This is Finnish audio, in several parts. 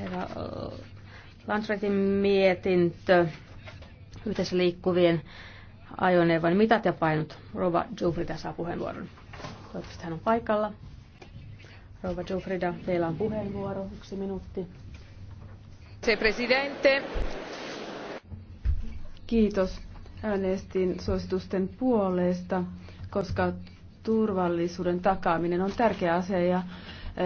Herra Landsretin mietintö yhdessä liikkuvien ajoneuvon mitat ja painot. Rova Jufrida saa puheenvuoron. Toivottavasti hän on paikalla. Rova Jufrida, teillä on puheenvuoro. Yksi minuutti. Se presidente. Kiitos. Äänestin suositusten puolesta, koska turvallisuuden takaaminen on tärkeä asia ja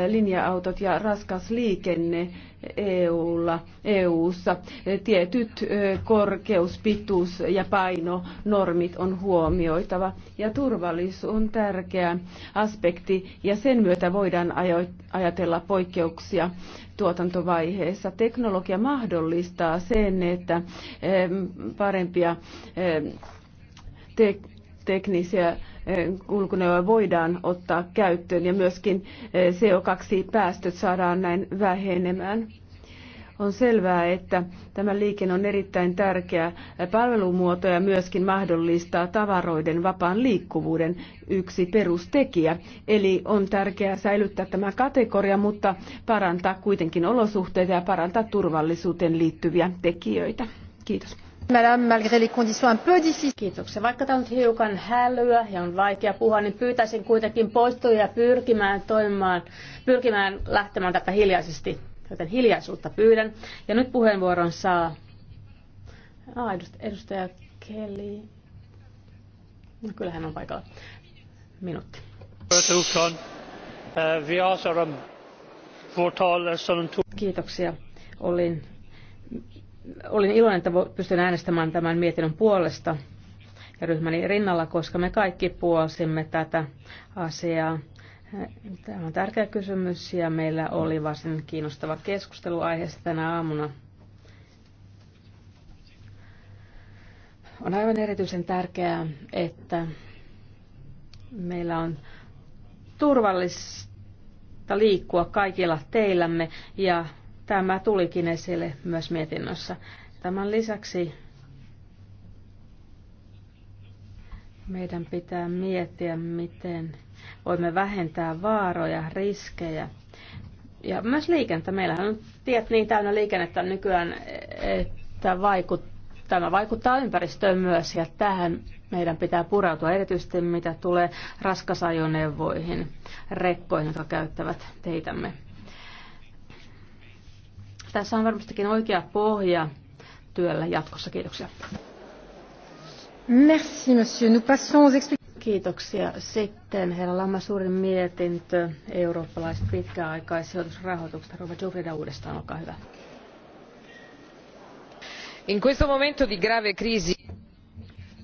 linja-autot ja raskas liikenne EUlla, EUssa. Tietyt korkeus, pituus ja paino normit on huomioitava ja turvallisuus on tärkeä aspekti ja sen myötä voidaan ajatella poikkeuksia tuotantovaiheessa. Teknologia mahdollistaa sen, että parempia teknisiä eh, kulkuneuvoja voidaan ottaa käyttöön ja myöskin eh, CO2-päästöt saadaan näin vähenemään. On selvää, että tämä liikenne on erittäin tärkeä palvelumuoto ja myöskin mahdollistaa tavaroiden vapaan liikkuvuuden yksi perustekijä. Eli on tärkeää säilyttää tämä kategoria, mutta parantaa kuitenkin olosuhteita ja parantaa turvallisuuteen liittyviä tekijöitä. Kiitos. Kiitoksia. Vaikka tämä on hiukan hälyä ja on vaikea puhua, niin pyytäisin kuitenkin poistujia pyrkimään toimimaan, pyrkimään lähtemään tätä hiljaisesti, joten hiljaisuutta pyydän. Ja nyt puheenvuoron saa ah, edustaja Kelly. No, kyllähän on paikalla. Minuutti. Kiitoksia. Olin olin iloinen, että pystyn äänestämään tämän mietinnön puolesta ja ryhmäni rinnalla, koska me kaikki puolsimme tätä asiaa. Tämä on tärkeä kysymys ja meillä oli varsin kiinnostava keskustelu aiheesta tänä aamuna. On aivan erityisen tärkeää, että meillä on turvallista liikkua kaikilla teillämme ja Tämä tulikin esille myös mietinnössä. Tämän lisäksi meidän pitää miettiä, miten voimme vähentää vaaroja, riskejä ja myös liikennettä. Meillähän on tiet niin täynnä liikennettä nykyään, että vaikut, tämä vaikuttaa ympäristöön myös ja tähän meidän pitää pureutua erityisesti mitä tulee raskasajoneuvoihin, rekkoihin, jotka käyttävät teitämme. Tässä on varmastikin oikea pohja työllä jatkossa. Kiitoksia. Merci, monsieur. Nous passons aux Kiitoksia. Sitten herra Lamma suurin mietintö eurooppalaiset pitkäaikaissijoitusrahoitukset. Rova Jufrida uudestaan, olkaa hyvä. In questo momento di grave crisi.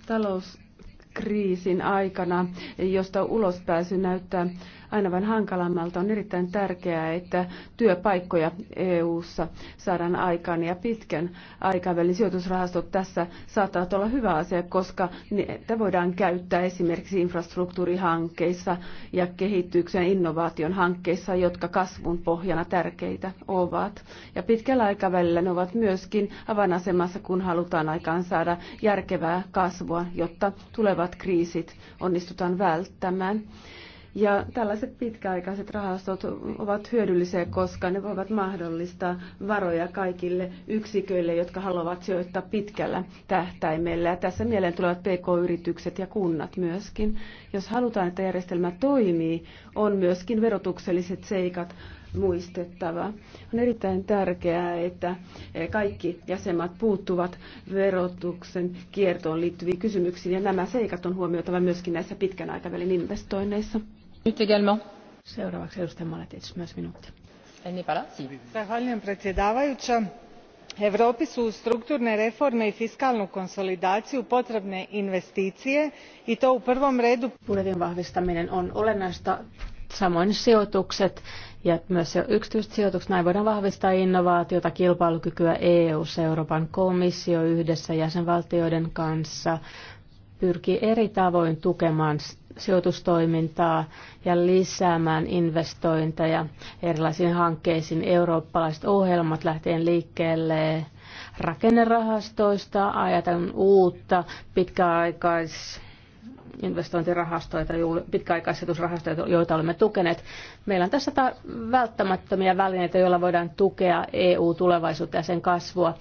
Talouskriisin aikana, josta ulospääsy näyttää aina vain hankalammalta. On erittäin tärkeää, että työpaikkoja EU-ssa saadaan aikaan ja pitkän aikavälin sijoitusrahastot tässä saattaa olla hyvä asia, koska niitä voidaan käyttää esimerkiksi infrastruktuurihankkeissa ja kehityksen innovaation hankkeissa, jotka kasvun pohjana tärkeitä ovat. Ja pitkällä aikavälillä ne ovat myöskin avainasemassa, kun halutaan aikaan saada järkevää kasvua, jotta tulevat kriisit onnistutaan välttämään. Ja tällaiset pitkäaikaiset rahastot ovat hyödyllisiä, koska ne voivat mahdollistaa varoja kaikille yksiköille, jotka haluavat sijoittaa pitkällä tähtäimellä. Ja tässä mieleen tulevat PK-yritykset ja kunnat myöskin. Jos halutaan, että järjestelmä toimii, on myöskin verotukselliset seikat muistettava. On erittäin tärkeää, että kaikki jäsenmaat puuttuvat verotuksen kiertoon liittyviin kysymyksiin, ja nämä seikat on huomioitava myöskin näissä pitkän aikavälin investoinneissa. Nyt Europi su uz strukturne reforme i fiskalnu konsolidaciju potrebne investicije i to u prvom redu... Budjetin vahvistaminen on olennaista samoin sijoitukset ja myös yksityiset sijoitukset. Näin voidaan vahvistaa innovaatiota, kilpailukykyä EU, Euroopan komissio yhdessä jäsenvaltioiden kanssa pyrkii eri tavoin tukemaan sijoitustoimintaa ja lisäämään investointeja erilaisiin hankkeisiin. Eurooppalaiset ohjelmat lähtien liikkeelle rakennerahastoista, ajatan uutta pitkäaikais investointirahastoita, pitkäaikaisetusrahastoja, joita olemme tukeneet. Meillä on tässä välttämättömiä välineitä, joilla voidaan tukea EU-tulevaisuutta ja sen kasvua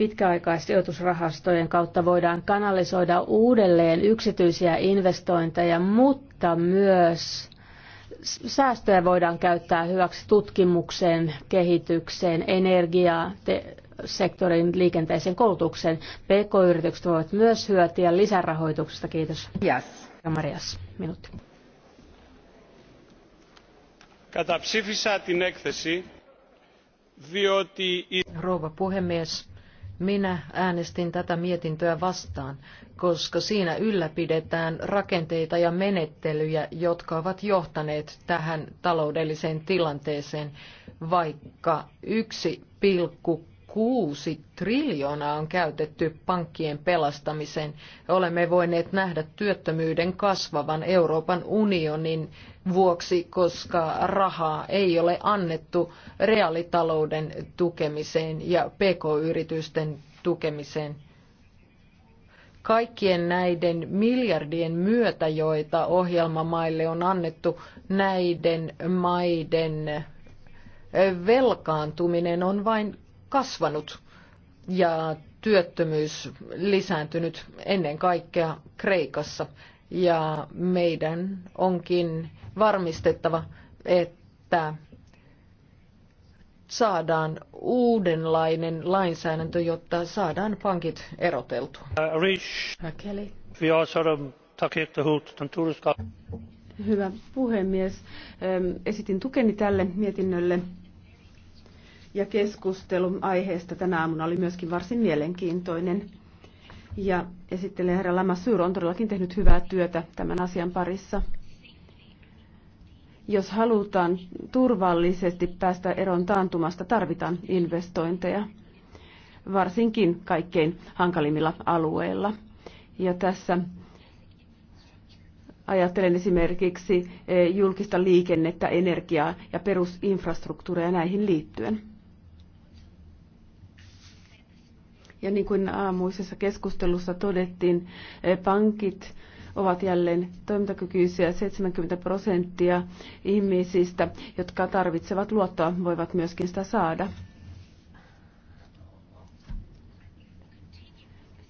pitkäaikaissijoitusrahastojen kautta voidaan kanalisoida uudelleen yksityisiä investointeja, mutta myös säästöjä voidaan käyttää hyväksi tutkimukseen, kehitykseen, energiaa, sektorin liikenteisen koulutukseen. PK-yritykset voivat myös hyötyä lisärahoituksesta. Kiitos. Yes. Marias, minuutti. Καταψήφισα την έκθεση διότι... Rouva puhemies, minä äänestin tätä mietintöä vastaan, koska siinä ylläpidetään rakenteita ja menettelyjä, jotka ovat johtaneet tähän taloudelliseen tilanteeseen, vaikka yksi Kuusi triljoonaa on käytetty pankkien pelastamiseen. Olemme voineet nähdä työttömyyden kasvavan Euroopan unionin vuoksi, koska rahaa ei ole annettu reaalitalouden tukemiseen ja pk-yritysten tukemiseen. Kaikkien näiden miljardien myötä, joita ohjelmamaille on annettu, näiden maiden velkaantuminen on vain kasvanut ja työttömyys lisääntynyt ennen kaikkea Kreikassa. Ja meidän onkin varmistettava, että saadaan uudenlainen lainsäädäntö, jotta saadaan pankit eroteltua. Uh, Hyvä puhemies. Esitin tukeni tälle mietinnölle ja keskustelu aiheesta tänä aamuna oli myöskin varsin mielenkiintoinen. Ja esittelijä herra Lamassyr on todellakin tehnyt hyvää työtä tämän asian parissa. Jos halutaan turvallisesti päästä eroon taantumasta, tarvitaan investointeja, varsinkin kaikkein hankalimmilla alueilla. Ja tässä ajattelen esimerkiksi eh, julkista liikennettä, energiaa ja perusinfrastruktuuria näihin liittyen. Ja niin kuin aamuisessa keskustelussa todettiin, eh, pankit ovat jälleen toimintakykyisiä. 70 prosenttia ihmisistä, jotka tarvitsevat luottoa, voivat myöskin sitä saada.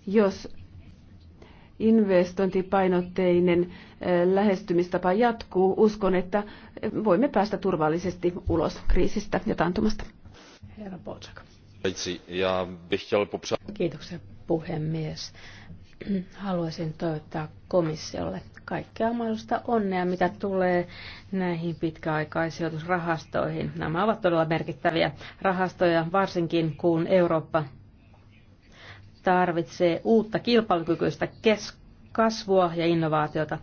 Jos investointipainotteinen eh, lähestymistapa jatkuu, uskon, että voimme päästä turvallisesti ulos kriisistä ja taantumasta. Herra Polchak arvoisa puhemies. Haluaisin toivottaa komissiolle kaikkea mahdollista onnea, mitä tulee näihin pitkäaikaisijoitusrahastoihin. Nämä ovat todella merkittäviä rahastoja, varsinkin kun Eurooppa tarvitsee uutta kilpailukykyistä kasvua ja innovaatiota.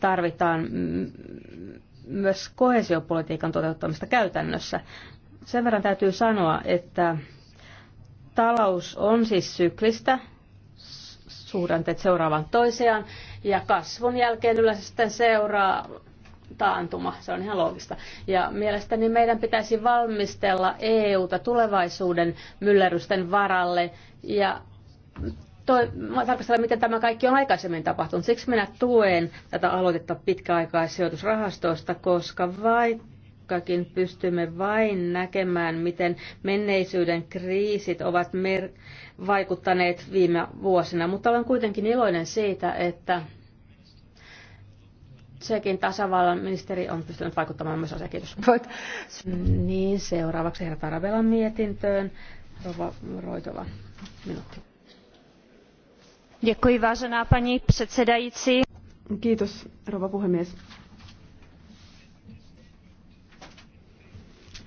Tarvitaan myös kohesiopolitiikan toteuttamista käytännössä. Sen verran täytyy sanoa, että Talous on siis syklistä, suhdanteet seuraavan toiseaan, ja kasvun jälkeen yleensä sitten seuraa taantuma, se on ihan loogista. Ja mielestäni meidän pitäisi valmistella EUta tulevaisuuden myllerrysten varalle ja toi, tarkastella, miten tämä kaikki on aikaisemmin tapahtunut. Siksi minä tuen tätä aloitetta pitkäaikaisijoitusrahastoista, koska vaikka vaikkakin pystymme vain näkemään, miten menneisyyden kriisit ovat mer- vaikuttaneet viime vuosina. Mutta olen kuitenkin iloinen siitä, että sekin tasavallan ministeri on pystynyt vaikuttamaan myös asiaan. Kiitos. Niin, seuraavaksi herra Tarabelan mietintöön. Rova Roitova, minuutti. Děkuji, vážená paní předsedající. Kiitos, rouva puhemies.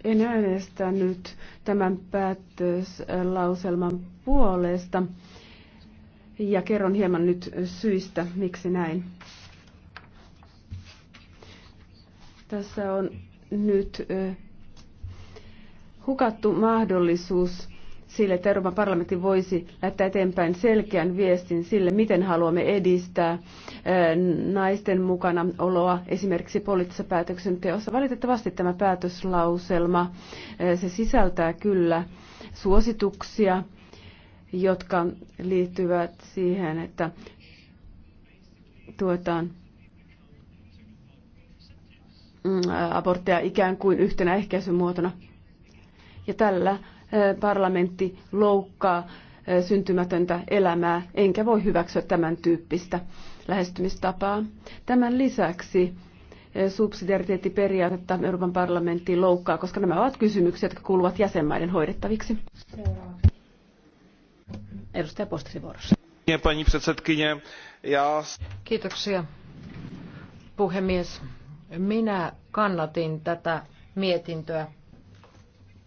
En äänestänyt tämän päätöslauselman puolesta ja kerron hieman nyt syistä, miksi näin. Tässä on nyt eh, hukattu mahdollisuus sille, että Euroopan parlamentti voisi lähettää eteenpäin selkeän viestin sille, miten haluamme edistää naisten mukana oloa esimerkiksi poliittisessa päätöksenteossa. Valitettavasti tämä päätöslauselma, se sisältää kyllä suosituksia, jotka liittyvät siihen, että tuetaan mm, abortteja ikään kuin yhtenä ehkäisymuotona. Ja tällä parlamentti loukkaa syntymätöntä elämää, enkä voi hyväksyä tämän tyyppistä lähestymistapaa. Tämän lisäksi subsidiariteettiperiaatetta Euroopan parlamentti loukkaa, koska nämä ovat kysymyksiä, jotka kuuluvat jäsenmaiden hoidettaviksi. Edustaja Postisi vuorossa. Kiitoksia, puhemies. Minä kannatin tätä mietintöä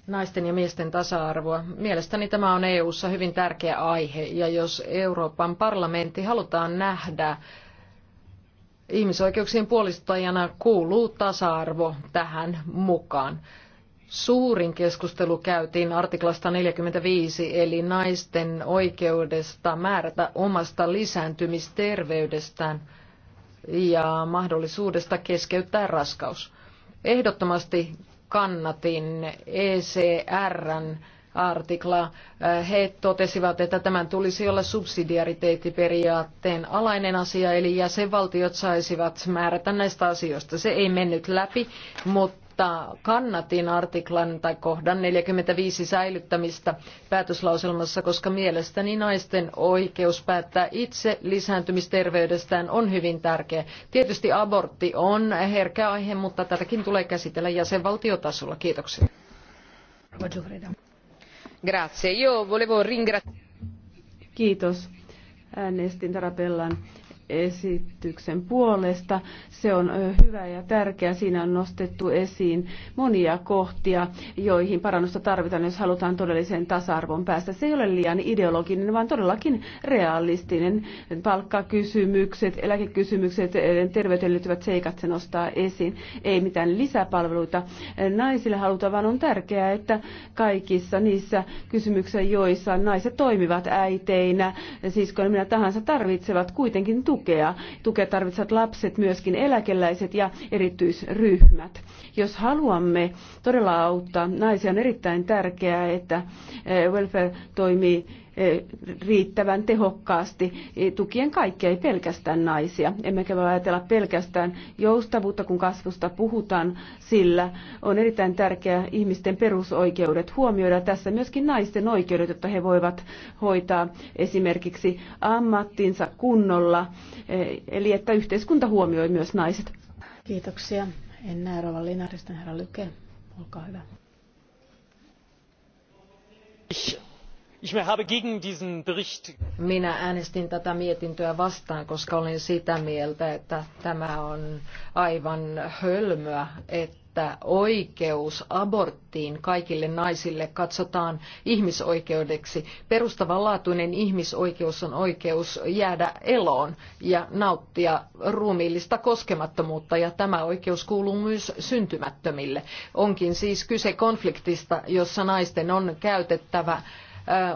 naisten ja miesten tasa-arvoa. Mielestäni tämä on EU:ssa hyvin tärkeä aihe ja jos Euroopan parlamentti halutaan nähdä ihmisoikeuksien puolustajana, kuuluu tasa-arvo tähän mukaan. Suurin keskustelu käytiin artiklasta 45 eli naisten oikeudesta määrätä omasta lisääntymisterveydestään ja mahdollisuudesta keskeyttää raskaus. Ehdottomasti kannatin ECRn artikla. Äh, he totesivat, että tämän tulisi olla subsidiariteettiperiaatteen alainen asia, eli jäsenvaltiot saisivat määrätä näistä asioista. Se ei mennyt läpi, mutta mutta kannatin artiklan tai kohdan 45 säilyttämistä päätöslauselmassa, koska mielestäni naisten oikeus päättää itse lisääntymisterveydestään on hyvin tärkeä. Tietysti abortti on herkä aihe, mutta tätäkin tulee käsitellä jäsenvaltiotasolla. Kiitoksia. Grazie. Io volevo ringra. Kiitos. Äänestin Tarapellan esityksen puolesta. Se on hyvä ja tärkeä. Siinä on nostettu esiin monia kohtia, joihin parannusta tarvitaan, jos halutaan todelliseen tasa-arvon päästä. Se ei ole liian ideologinen, vaan todellakin realistinen. Palkkakysymykset, eläkekysymykset, terveyteen liittyvät seikat se nostaa esiin. Ei mitään lisäpalveluita naisille haluta, vaan on tärkeää, että kaikissa niissä kysymyksissä, joissa naiset toimivat äiteinä, siskoina, minä tahansa, tarvitsevat kuitenkin tukea tukea. Tukea tarvitsevat lapset, myöskin eläkeläiset ja erityisryhmät. Jos haluamme todella auttaa naisia, on erittäin tärkeää, että eh, welfare toimii riittävän tehokkaasti e, tukien kaikkia, ei pelkästään naisia. Emmekä voi ajatella pelkästään joustavuutta, kun kasvusta puhutaan, sillä on erittäin tärkeää ihmisten perusoikeudet huomioida tässä myöskin naisten oikeudet, jotta he voivat hoitaa esimerkiksi ammattinsa kunnolla, e, eli että yhteiskunta huomioi myös naiset. Kiitoksia. En näe Rova Linaristan herra Lyke. Olkaa hyvä. Minä äänestin tätä mietintöä vastaan, koska olin sitä mieltä, että tämä on aivan hölmöä, että oikeus aborttiin kaikille naisille katsotaan ihmisoikeudeksi. Perustavanlaatuinen ihmisoikeus on oikeus jäädä eloon ja nauttia ruumiillista koskemattomuutta ja tämä oikeus kuuluu myös syntymättömille. Onkin siis kyse konfliktista, jossa naisten on käytettävä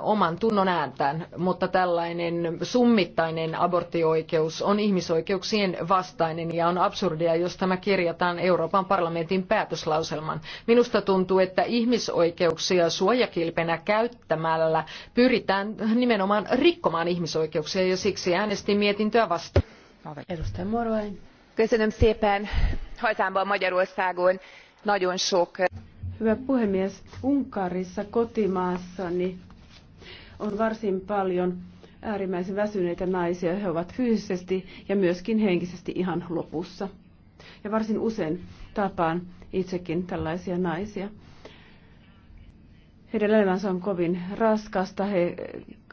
oman tunnon ääntään, mutta tällainen summittainen aborttioikeus on ihmisoikeuksien vastainen ja on absurdia, jos tämä kirjataan Euroopan parlamentin päätöslauselman. Minusta tuntuu, että ihmisoikeuksia suojakilpenä käyttämällä pyritään nimenomaan rikkomaan ihmisoikeuksia ja siksi äänestin mietintöä vastaan. Edustaja Morvain. Köszönöm szépen. Hazámban Magyarországon nagyon sok Hyvä puhemies, Unkarissa kotimaassani on varsin paljon äärimmäisen väsyneitä naisia. He ovat fyysisesti ja myöskin henkisesti ihan lopussa. Ja varsin usein tapaan itsekin tällaisia naisia. Heidän elämänsä on kovin raskasta. He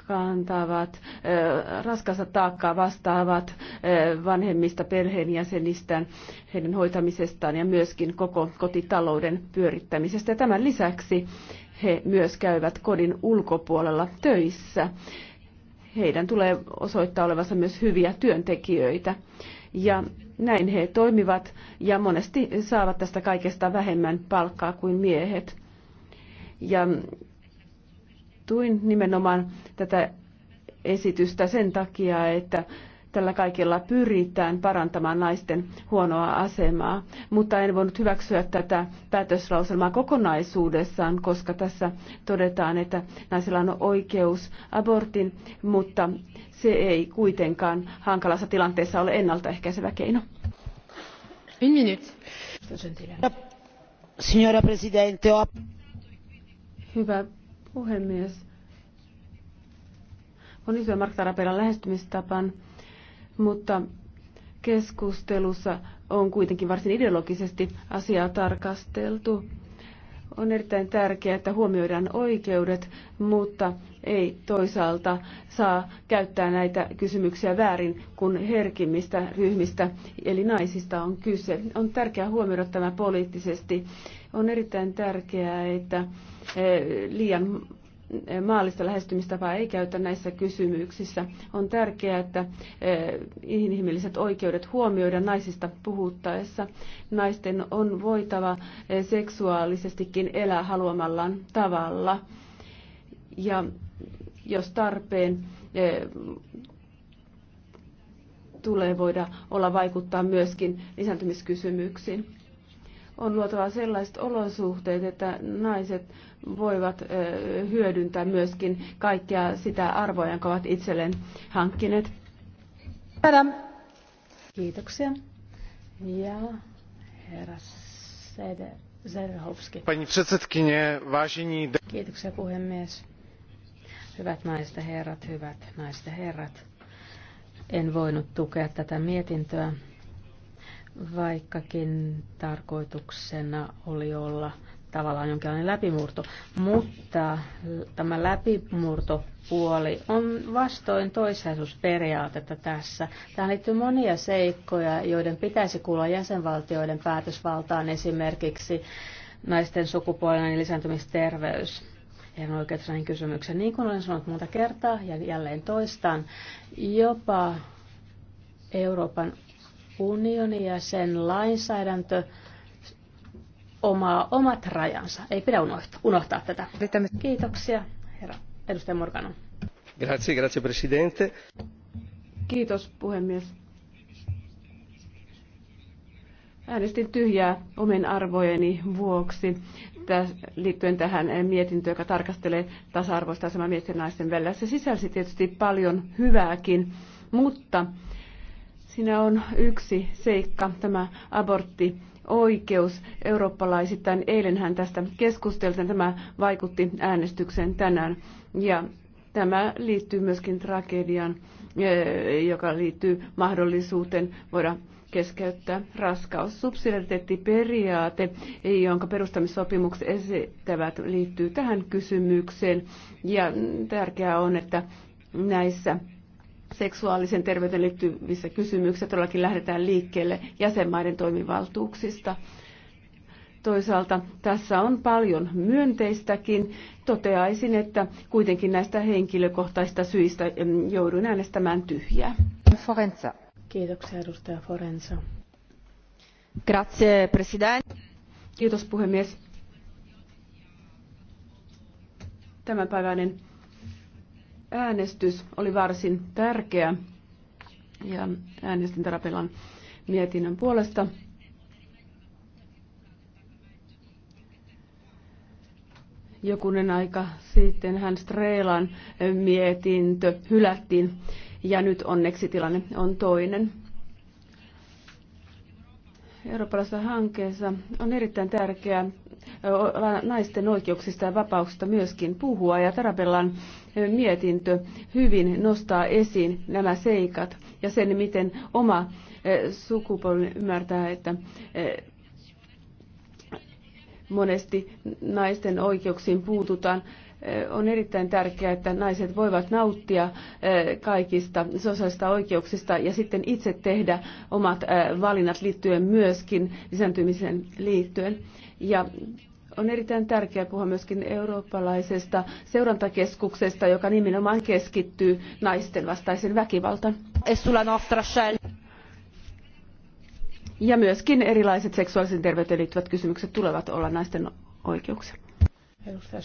kantavat raskasta taakkaa vastaavat vanhemmista perheenjäsenistään, heidän hoitamisestaan ja myöskin koko kotitalouden pyörittämisestä. Ja tämän lisäksi he myös käyvät kodin ulkopuolella töissä. Heidän tulee osoittaa olevansa myös hyviä työntekijöitä. Ja näin he toimivat ja monesti saavat tästä kaikesta vähemmän palkkaa kuin miehet. Ja tuin nimenomaan tätä esitystä sen takia, että Tällä kaikella pyritään parantamaan naisten huonoa asemaa, mutta en voinut hyväksyä tätä päätöslauselmaa kokonaisuudessaan, koska tässä todetaan, että naisilla on oikeus abortin, mutta se ei kuitenkaan hankalassa tilanteessa ole ennaltaehkäisevä keino. Une Signora Presidente, Hyvä puhemies. On iso Mark Tarapelan lähestymistapan mutta keskustelussa on kuitenkin varsin ideologisesti asiaa tarkasteltu. On erittäin tärkeää, että huomioidaan oikeudet, mutta ei toisaalta saa käyttää näitä kysymyksiä väärin, kun herkimmistä ryhmistä eli naisista on kyse. On tärkeää huomioida tämä poliittisesti. On erittäin tärkeää, että eh, liian maallista lähestymistapaa ei käytä näissä kysymyksissä. On tärkeää, että e, inhimilliset oikeudet huomioidaan naisista puhuttaessa. Naisten on voitava e, seksuaalisestikin elää haluamallaan tavalla. Ja jos tarpeen, e, tulee voida olla vaikuttaa myöskin lisääntymiskysymyksiin on luotava sellaiset olosuhteet, että naiset voivat hyödyntää myöskin kaikkia sitä arvoa, jonka ovat itselleen hankkineet. Kiitoksia. Ja herra Seder. Pani předsedkyně, vážení... Kiitoksia puhemies. Hyvät naiset ja herrat, hyvät naiset ja herrat. En voinut tukea tätä mietintöä, vaikkakin tarkoituksena oli olla tavallaan jonkinlainen läpimurto. Mutta tämä läpimurtopuoli on vastoin toisaisuusperiaatetta tässä. Tähän liittyy monia seikkoja, joiden pitäisi kuulla jäsenvaltioiden päätösvaltaan, esimerkiksi naisten sukupuolinen lisääntymisterveys ihan oikeutta näihin kysymykseen. Niin kuin olen sanonut monta kertaa ja jälleen toistan, jopa Euroopan unioni ja sen lainsäädäntö omaa omat rajansa. Ei pidä unohtaa, unohtaa tätä. Kiitoksia, herra edustaja Morgano. Grazie, grazie presidente. Kiitos, puhemies. Äänestin tyhjää omen arvojeni vuoksi liittyen tähän mietintöön, joka tarkastelee tasa-arvoista asemaa miesten ja naisten välillä. Se sisälsi tietysti paljon hyvääkin, mutta Siinä on yksi seikka, tämä abortti oikeus eurooppalaisittain. Eilenhän tästä keskusteltiin, tämä vaikutti äänestykseen tänään. Ja tämä liittyy myöskin tragedian, e, joka liittyy mahdollisuuteen voida keskeyttää raskaus. Subsidiariteettiperiaate, jonka perustamissopimukset esittävät, liittyy tähän kysymykseen. Ja tärkeää on, että näissä seksuaalisen terveyteen liittyvissä kysymyksissä todellakin lähdetään liikkeelle jäsenmaiden toimivaltuuksista. Toisaalta tässä on paljon myönteistäkin. Toteaisin, että kuitenkin näistä henkilökohtaisista syistä joudun äänestämään tyhjää. Forenza. Kiitoksia edustaja Forenza. Grazie, president. Kiitos puhemies. Tämänpäiväinen äänestys oli varsin tärkeä ja äänestin Tarapelan mietinnön puolesta. Jokunen aika sitten hän Streelan mietintö hylättiin ja nyt onneksi tilanne on toinen eurooppalaisessa hankkeessa on erittäin tärkeää naisten oikeuksista ja vapauksista myöskin puhua ja Tarabellan mietintö hyvin nostaa esiin nämä seikat ja sen, miten oma sukupolvi ymmärtää, että monesti naisten oikeuksiin puututaan on erittäin tärkeää, että naiset voivat nauttia kaikista sosiaalista oikeuksista ja sitten itse tehdä omat valinnat liittyen myöskin lisääntymiseen liittyen. Ja on erittäin tärkeää puhua myöskin eurooppalaisesta seurantakeskuksesta, joka nimenomaan keskittyy naisten vastaisen väkivaltaan. Ja myöskin erilaiset seksuaalisen terveyteen liittyvät kysymykset tulevat olla naisten oikeuksia. Edustaja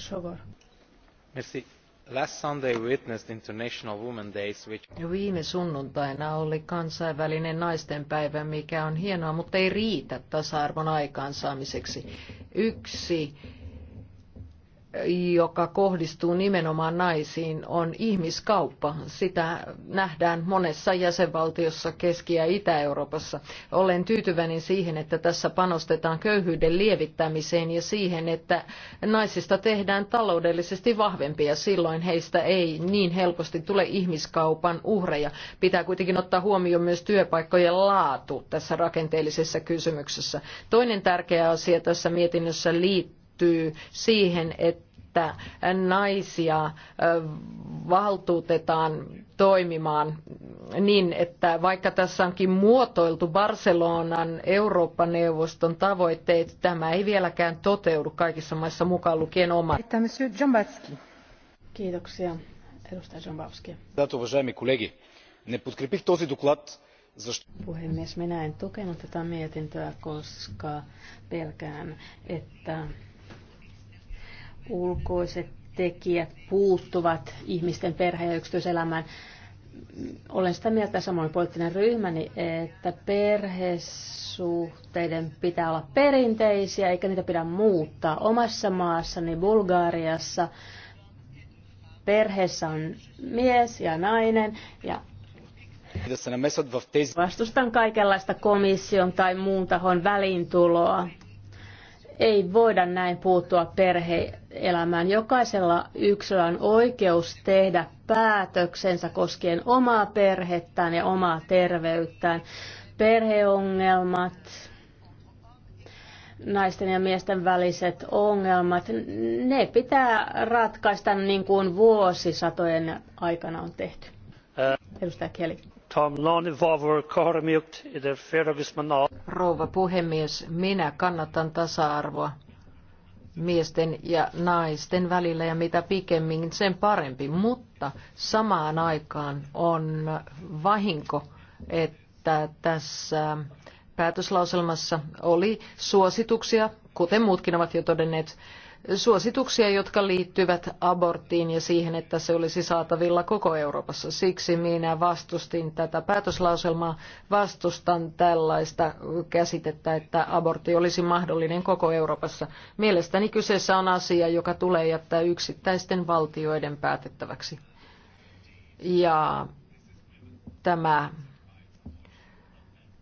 Viime sunnuntaina oli kansainvälinen naistenpäivä, mikä on hienoa, mutta ei riitä tasa-arvon aikaansaamiseksi. Yksi joka kohdistuu nimenomaan naisiin, on ihmiskauppa. Sitä nähdään monessa jäsenvaltiossa Keski- ja Itä-Euroopassa. Olen tyytyväinen siihen, että tässä panostetaan köyhyyden lievittämiseen ja siihen, että naisista tehdään taloudellisesti vahvempia. Silloin heistä ei niin helposti tule ihmiskaupan uhreja. Pitää kuitenkin ottaa huomioon myös työpaikkojen laatu tässä rakenteellisessa kysymyksessä. Toinen tärkeä asia tässä mietinnössä liittyy liittyy siihen, että naisia valtuutetaan toimimaan niin, että vaikka tässä onkin muotoiltu Barcelonan Eurooppa-neuvoston tavoitteet, tämä ei vieläkään toteudu kaikissa maissa mukaan lukien oma. Kiitoksia. Edustaja Zombowski. уважаеми колеги, не подкрепих Puhemies, minä en tukenut tätä mietintöä, koska pelkään, että ulkoiset tekijät puuttuvat ihmisten perhe- ja yksityiselämään. Olen sitä mieltä samoin poliittinen ryhmäni, että perhesuhteiden pitää olla perinteisiä eikä niitä pidä muuttaa. Omassa maassani Bulgaariassa perheessä on mies ja nainen ja Vastustan kaikenlaista komission tai muun tahon välintuloa. Ei voida näin puuttua perhe- elämään. Jokaisella yksilöllä on oikeus tehdä päätöksensä koskien omaa perhettään ja omaa terveyttään. Perheongelmat, naisten ja miesten väliset ongelmat, ne pitää ratkaista niin kuin vuosisatojen aikana on tehty. Äh, Edustaja Kieli. Rouva puhemies, minä kannatan tasa-arvoa miesten ja naisten välillä ja mitä pikemmin sen parempi, mutta samaan aikaan on vahinko, että tässä päätöslauselmassa oli suosituksia, kuten muutkin ovat jo todenneet, suosituksia, jotka liittyvät aborttiin ja siihen, että se olisi saatavilla koko Euroopassa. Siksi minä vastustin tätä päätöslauselmaa, vastustan tällaista käsitettä, että abortti olisi mahdollinen koko Euroopassa. Mielestäni kyseessä on asia, joka tulee jättää yksittäisten valtioiden päätettäväksi. Ja tämä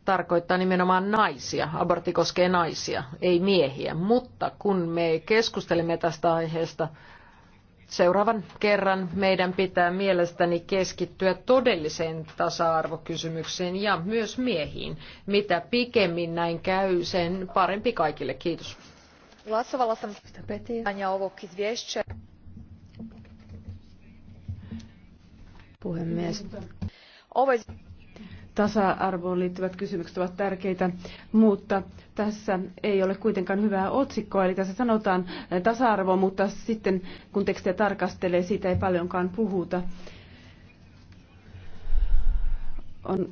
tarkoittaa nimenomaan naisia. Abortti koskee naisia, ei miehiä. Mutta kun me keskustelemme tästä aiheesta, seuraavan kerran meidän pitää mielestäni keskittyä todelliseen tasa-arvokysymykseen ja myös miehiin. Mitä pikemmin näin käy, sen parempi kaikille. Kiitos. Puhemies. Ovo tasa-arvoon liittyvät kysymykset ovat tärkeitä, mutta tässä ei ole kuitenkaan hyvää otsikkoa, eli tässä sanotaan eh, tasa-arvo, mutta sitten kun tekstiä tarkastelee, siitä ei paljonkaan puhuta. On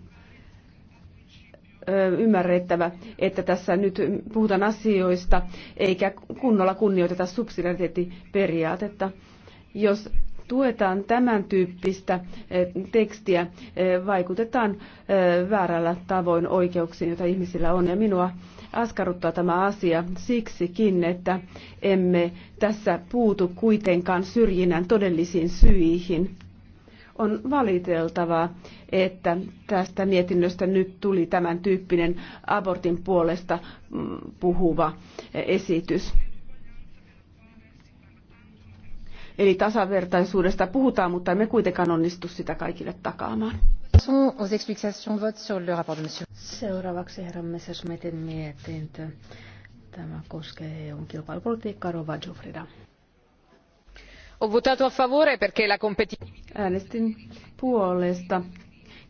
eh, ymmärrettävä, että tässä nyt puhutaan asioista eikä kunnolla kunnioiteta subsidiariteettiperiaatetta. Jos tuetaan tämän tyyppistä eh, tekstiä, eh, vaikutetaan eh, väärällä tavoin oikeuksiin, joita ihmisillä on. Ja minua askarruttaa tämä asia siksikin, että emme tässä puutu kuitenkaan syrjinnän todellisiin syihin. On valiteltavaa, että tästä mietinnöstä nyt tuli tämän tyyppinen abortin puolesta mm, puhuva esitys. Eli tasavertaisuudesta puhutaan, mutta emme kuitenkaan onnistu sitä kaikille takaamaan. Seuraavaksi herra Messerschmittin mietintö. Tämä koskee EUn kilpailupolitiikkaa Rova Giuffrida. favore la Äänestin puolesta,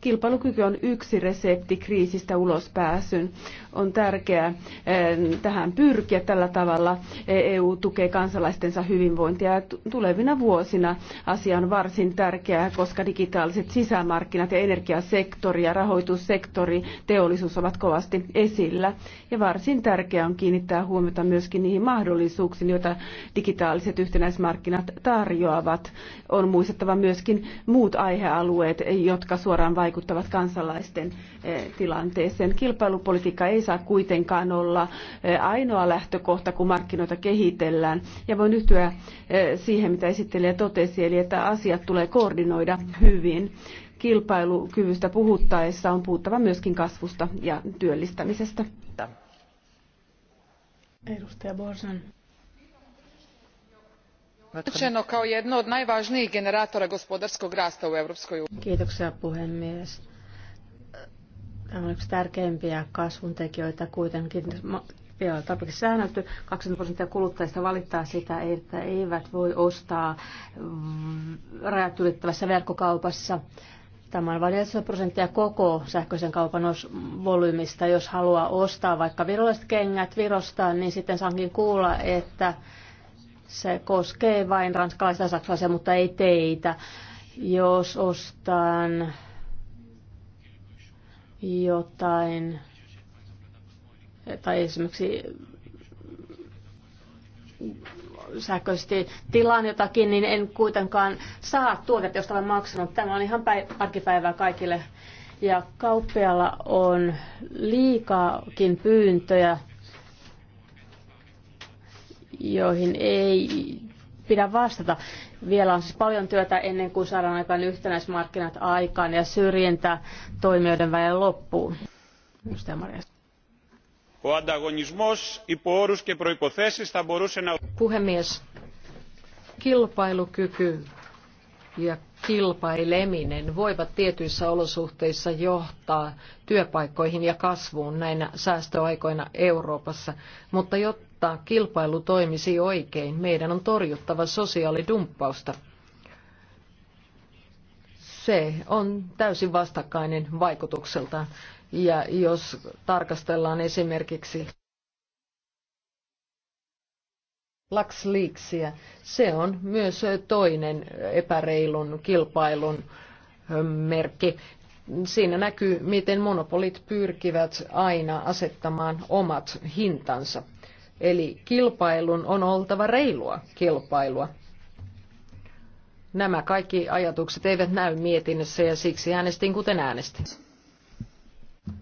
Kilpailukyky on yksi resepti kriisistä ulospääsyn. On tärkeää eh, tähän pyrkiä tällä tavalla. EU eh, e tukee kansalaistensa hyvinvointia ja tulevina vuosina asia on varsin tärkeää, koska digitaaliset sisämarkkinat ja energiasektori ja rahoitussektori, teollisuus ovat kovasti esillä. Ja varsin tärkeää on kiinnittää huomiota myöskin niihin mahdollisuuksiin, joita digitaaliset yhtenäismarkkinat tarjoavat. On muistettava myöskin muut aihealueet, jotka suoraan vaikuttavat vaikuttavat kansalaisten eh, tilanteeseen. Kilpailupolitiikka ei saa kuitenkaan olla eh, ainoa lähtökohta, kun markkinoita kehitellään. Ja voin yhtyä eh, siihen, mitä esittelijä totesi, eli että asiat tulee koordinoida hyvin. Kilpailukyvystä puhuttaessa on puhuttava myöskin kasvusta ja työllistämisestä. Edustaja Borsan ueno kao jedno od najvanijih generatora gospodarskog rasta u europskoj uniji. Kiitoksia puhemies. Tämä on yksi tärkeimpiä kasvun tekijöitä kuitenkin vielä tarpeeksi säännelty. 20 prosenttia kuluttajista valittaa sitä, että eivät voi ostaa rajat ylittävässä verkkokaupassa. Tämä on 40 prosenttia koko sähköisen kaupan volyymista. Jos haluaa ostaa vaikka viralliset kengät Virosta, niin sitten saankin kuulla, että se koskee vain ranskalaisia ja saksalaisia, mutta ei teitä. Jos ostan jotain, tai esimerkiksi sähköisesti tilaan jotakin, niin en kuitenkaan saa tuotetta, josta olen maksanut. Tämä on ihan päiv- arkipäivää kaikille. Ja kauppialla on liikaakin pyyntöjä joihin ei pidä vastata. Vielä on siis paljon työtä ennen kuin saadaan aikaan yhtenäismarkkinat aikaan ja syrjintä toimijoiden välillä loppuu. Puhemies, kilpailukyky ja kilpaileminen voivat tietyissä olosuhteissa johtaa työpaikkoihin ja kasvuun näinä säästöaikoina Euroopassa, mutta jotta kilpailu toimisi oikein, meidän on torjuttava sosiaalidumppausta. Se on täysin vastakkainen vaikutukseltaan. Ja jos tarkastellaan esimerkiksi LuxLeaksia. Se on myös toinen epäreilun kilpailun merkki. Siinä näkyy, miten monopolit pyrkivät aina asettamaan omat hintansa. Eli kilpailun on oltava reilua kilpailua. Nämä kaikki ajatukset eivät näy mietinnössä ja siksi äänestin kuten äänestin.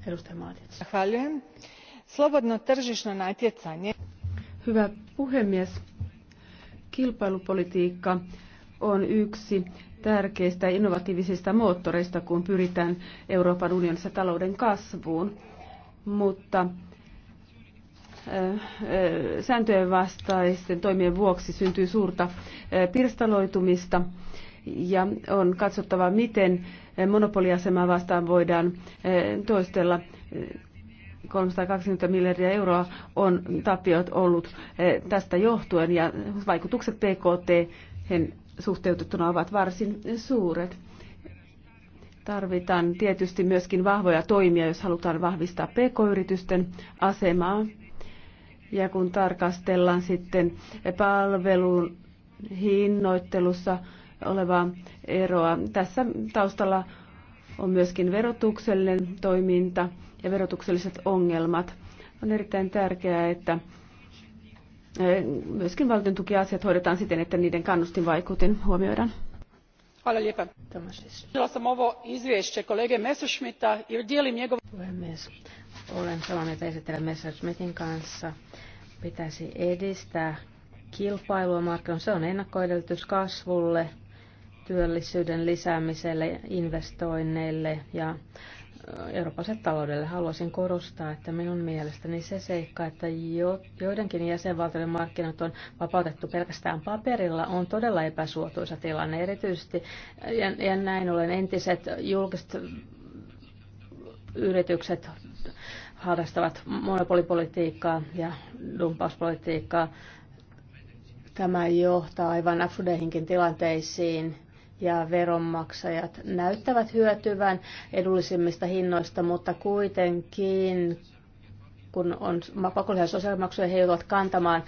Edustaja Maatits. Slobodno tržišno natjecanje Hyvä puhemies. Kilpailupolitiikka on yksi tärkeistä innovatiivisista moottoreista, kun pyritään Euroopan unionissa talouden kasvuun. Mutta sääntöjen vastaisten toimien vuoksi syntyy suurta pirstaloitumista ja on katsottava, miten monopoliasemaa vastaan voidaan toistella 320 miljardia euroa on tappiot ollut eh, tästä johtuen ja vaikutukset PKT suhteutettuna ovat varsin suuret. Tarvitaan tietysti myöskin vahvoja toimia, jos halutaan vahvistaa pk-yritysten asemaa. Ja kun tarkastellaan sitten palvelun hinnoittelussa olevaa eroa, tässä taustalla on myöskin verotuksellinen toiminta ja verotukselliset ongelmat. On erittäin tärkeää, että eh, myöskin valtion tukiasiat hoidetaan siten, että niiden kannustinvaikutin huomioidaan. Podržala sam ovo izvješće kolege Messerschmitta jer dijelim njegov... Puhemies, olen samaa mieltä esittelyä Messerschmittin kanssa. Pitäisi edistää kilpailua markkinoilla. Se on ennakkoedellytys kasvulle, työllisyyden lisäämiselle, investoinneille ja eurooppalaiselle taloudelle. Haluaisin korostaa, että minun mielestäni se seikka, että jo, joidenkin jäsenvaltioiden markkinat on vapautettu pelkästään paperilla, on todella epäsuotuisa tilanne. Erityisesti, ja, ja näin ollen entiset julkiset yritykset harrastavat monopolipolitiikkaa ja dumpauspolitiikkaa. Tämä johtaa aivan absurdeihinkin tilanteisiin ja veronmaksajat näyttävät hyötyvän edullisimmista hinnoista, mutta kuitenkin kun on pakollisia sosiaalimaksuja, he joutuvat kantamaan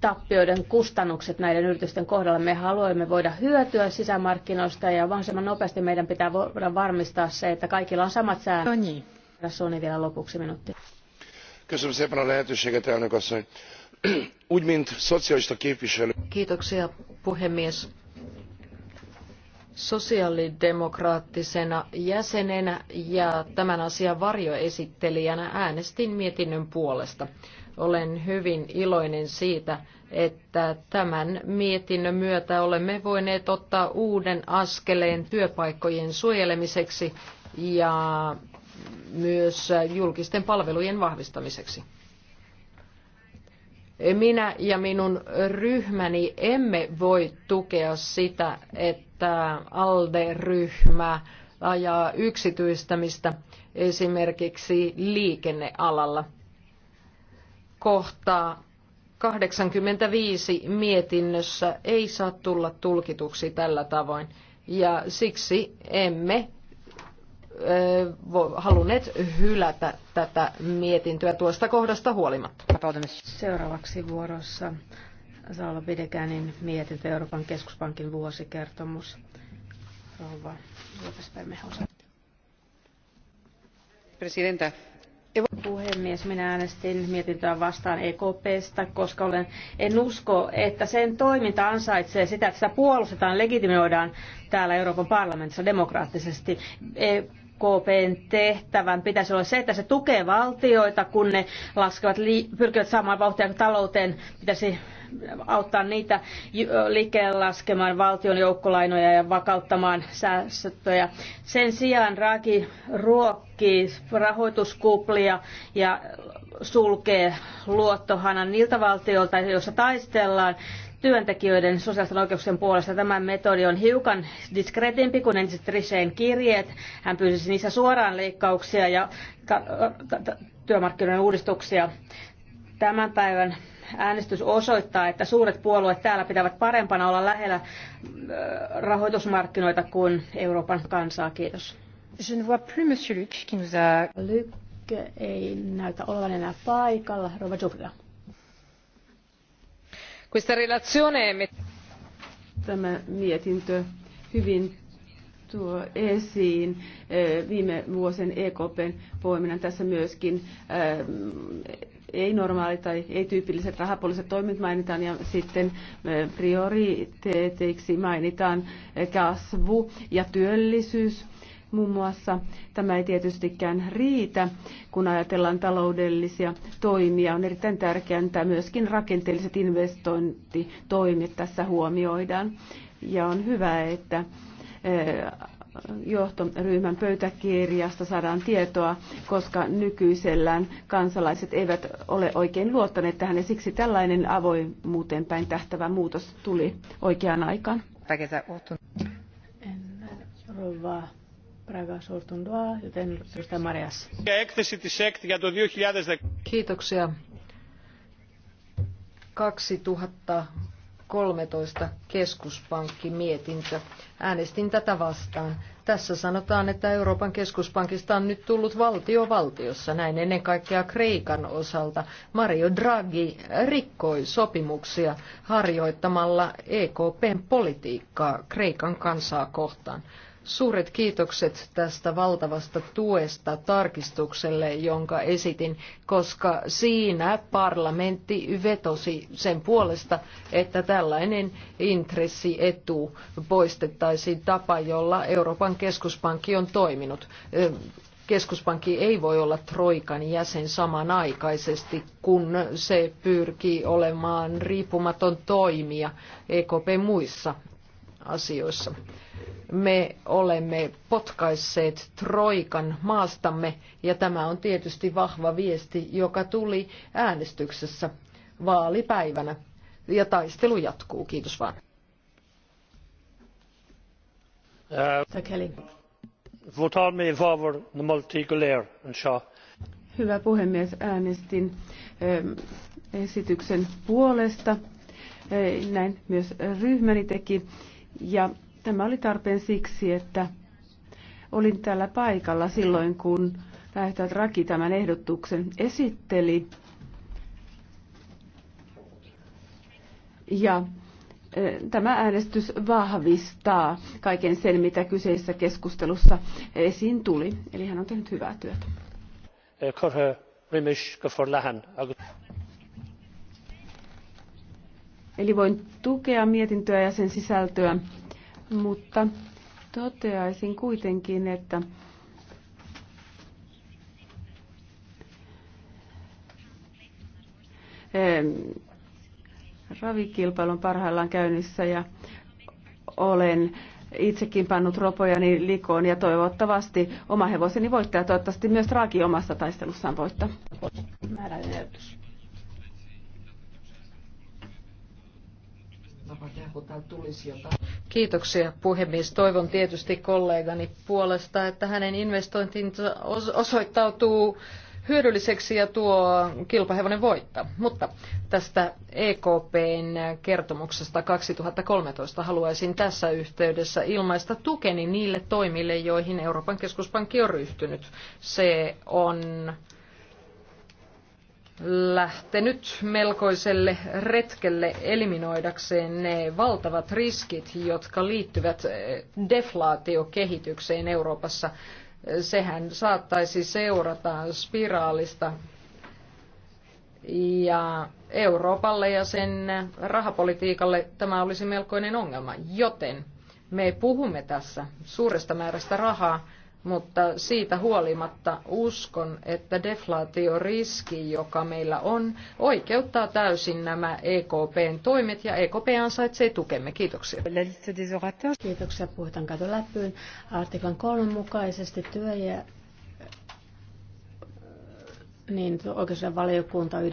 tappioiden kustannukset näiden yritysten kohdalla. Me haluamme voida hyötyä sisämarkkinoista ja mahdollisimman nopeasti meidän pitää voida varmistaa se, että kaikilla on samat säännöt. No niin. Soni vielä lopuksi minuutti. Köszönöm on a lehetőséget, sosiaalista asszony. Kiitoksia, puhemies sosiaalidemokraattisena jäsenenä ja tämän asian varjoesittelijänä äänestin mietinnön puolesta. Olen hyvin iloinen siitä, että tämän mietinnön myötä olemme voineet ottaa uuden askeleen työpaikkojen suojelemiseksi ja myös julkisten palvelujen vahvistamiseksi. Minä ja minun ryhmäni emme voi tukea sitä, että ALDE-ryhmä ajaa yksityistämistä esimerkiksi liikennealalla. Kohtaa 85 mietinnössä ei saa tulla tulkituksi tällä tavoin ja siksi emme halunneet hylätä tätä mietintöä tuosta kohdasta huolimatta. Seuraavaksi vuorossa Saula Pidekänin mietintö Euroopan keskuspankin vuosikertomus. Rouva Presidenta. Puhemies, minä äänestin mietintöä vastaan EKPstä, koska olen, en usko, että sen toiminta ansaitsee sitä, että sitä puolustetaan, legitimoidaan täällä Euroopan parlamentissa demokraattisesti. E- EKPn tehtävän pitäisi olla se, että se tukee valtioita, kun ne laskevat, pyrkivät saamaan vauhtia talouteen, pitäisi auttaa niitä liikkeelle laskemaan valtion joukkolainoja ja vakauttamaan säästöjä. Sen sijaan raki ruokkii rahoituskuplia ja sulkee luottohanan niiltä valtioilta, joissa taistellaan työntekijöiden sosiaalisten oikeuksien puolesta. Tämä metodi on hiukan diskreetimpi kuin ensin Trisheen kirjeet. Hän pyysi niissä suoraan leikkauksia ja työmarkkinoiden uudistuksia. Tämän päivän äänestys osoittaa, että suuret puolueet täällä pitävät parempana olla lähellä rahoitusmarkkinoita kuin Euroopan kansaa. Kiitos. Je ne vois plus Monsieur Luc qui nous a... Luc ei näytä olevan enää paikalla. Rova Jovila. Tämä mietintö hyvin tuo esiin eh, viime vuosien EKPn poiminnan. Tässä myöskin eh, ei-normaali tai ei-tyypilliset rahapoliittiset toimet mainitaan ja sitten eh, prioriteeteiksi mainitaan kasvu ja työllisyys muun muassa. Tämä ei tietystikään riitä, kun ajatellaan taloudellisia toimia. On erittäin tärkeää, että myöskin rakenteelliset investointitoimet tässä huomioidaan. Ja on hyvä, että e, johtoryhmän pöytäkirjasta saadaan tietoa, koska nykyisellään kansalaiset eivät ole oikein luottaneet tähän ja siksi tällainen avoimuuteen päin tähtävä muutos tuli oikeaan aikaan. Rouva Praga sortundua, joten edustaja Marias. Kiitoksia. 2013 keskuspankkimietintö. Äänestin tätä vastaan. Tässä sanotaan, että Euroopan keskuspankista on nyt tullut valtio valtiossa, näin ennen kaikkea Kreikan osalta. Mario Draghi rikkoi sopimuksia harjoittamalla EKPn politiikkaa Kreikan kansaa kohtaan. Suuret kiitokset tästä valtavasta tuesta tarkistukselle, jonka esitin, koska siinä parlamentti vetosi sen puolesta, että tällainen intressietu poistettaisiin tapa, jolla Euroopan keskuspankki on toiminut. Keskuspankki ei voi olla Troikan jäsen samanaikaisesti, kun se pyrkii olemaan riippumaton toimija EKP muissa asioissa me olemme potkaisseet Troikan maastamme ja tämä on tietysti vahva viesti, joka tuli äänestyksessä vaalipäivänä. Ja taistelu jatkuu. Kiitos vaan. Er Hyvä puhemies, äänestin ähm, esityksen puolesta. Äh, näin myös ryhmäni teki. Ja Tämä oli tarpeen siksi, että olin täällä paikalla silloin, kun lähetät Raki tämän ehdotuksen esitteli. Ja tämä äänestys vahvistaa kaiken sen, mitä kyseisessä keskustelussa esiin tuli. Eli hän on tehnyt hyvää työtä. Eli voin tukea mietintöä ja sen sisältöä mutta toteaisin kuitenkin, että ravikilpailu on parhaillaan käynnissä ja olen itsekin pannut ropojani likoon ja toivottavasti oma hevoseni voittaa ja toivottavasti myös Raaki omassa taistelussaan voittaa. Kiitoksia puhemies. Toivon tietysti kollegani puolesta, että hänen investointinsa osoittautuu hyödylliseksi ja tuo kilpahevonen voittaa. Mutta tästä EKPn kertomuksesta 2013 haluaisin tässä yhteydessä ilmaista tukeni niille toimille, joihin Euroopan keskuspankki on ryhtynyt. Se on lähtenyt melkoiselle retkelle eliminoidakseen ne valtavat riskit, jotka liittyvät eh, deflaatiokehitykseen Euroopassa. Sehän saattaisi seurata spiraalista ja Euroopalle ja sen rahapolitiikalle tämä olisi melkoinen ongelma. Joten me puhumme tässä suuresta määrästä rahaa, mutta siitä huolimatta uskon, että deflaatioriski, joka meillä on, oikeuttaa täysin nämä EKPn toimet ja EKP ansaitsee tukemme. Kiitoksia. Kiitoksia. Puhutaan kato läpyyn. Artiklan kolmen mukaisesti työ ja niin, oikeusvaliokunta